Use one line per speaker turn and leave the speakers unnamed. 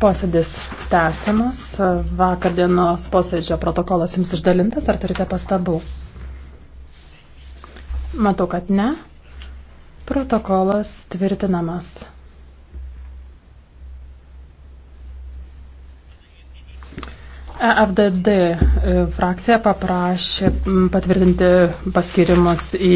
Posėdis tęsiamas. Vakar dienos posėdžio protokolas jums išdalintas. Ar turite pastabų? Matau, kad ne. Protokolas tvirtinamas. EFDD frakcija paprašė patvirtinti paskirimus
į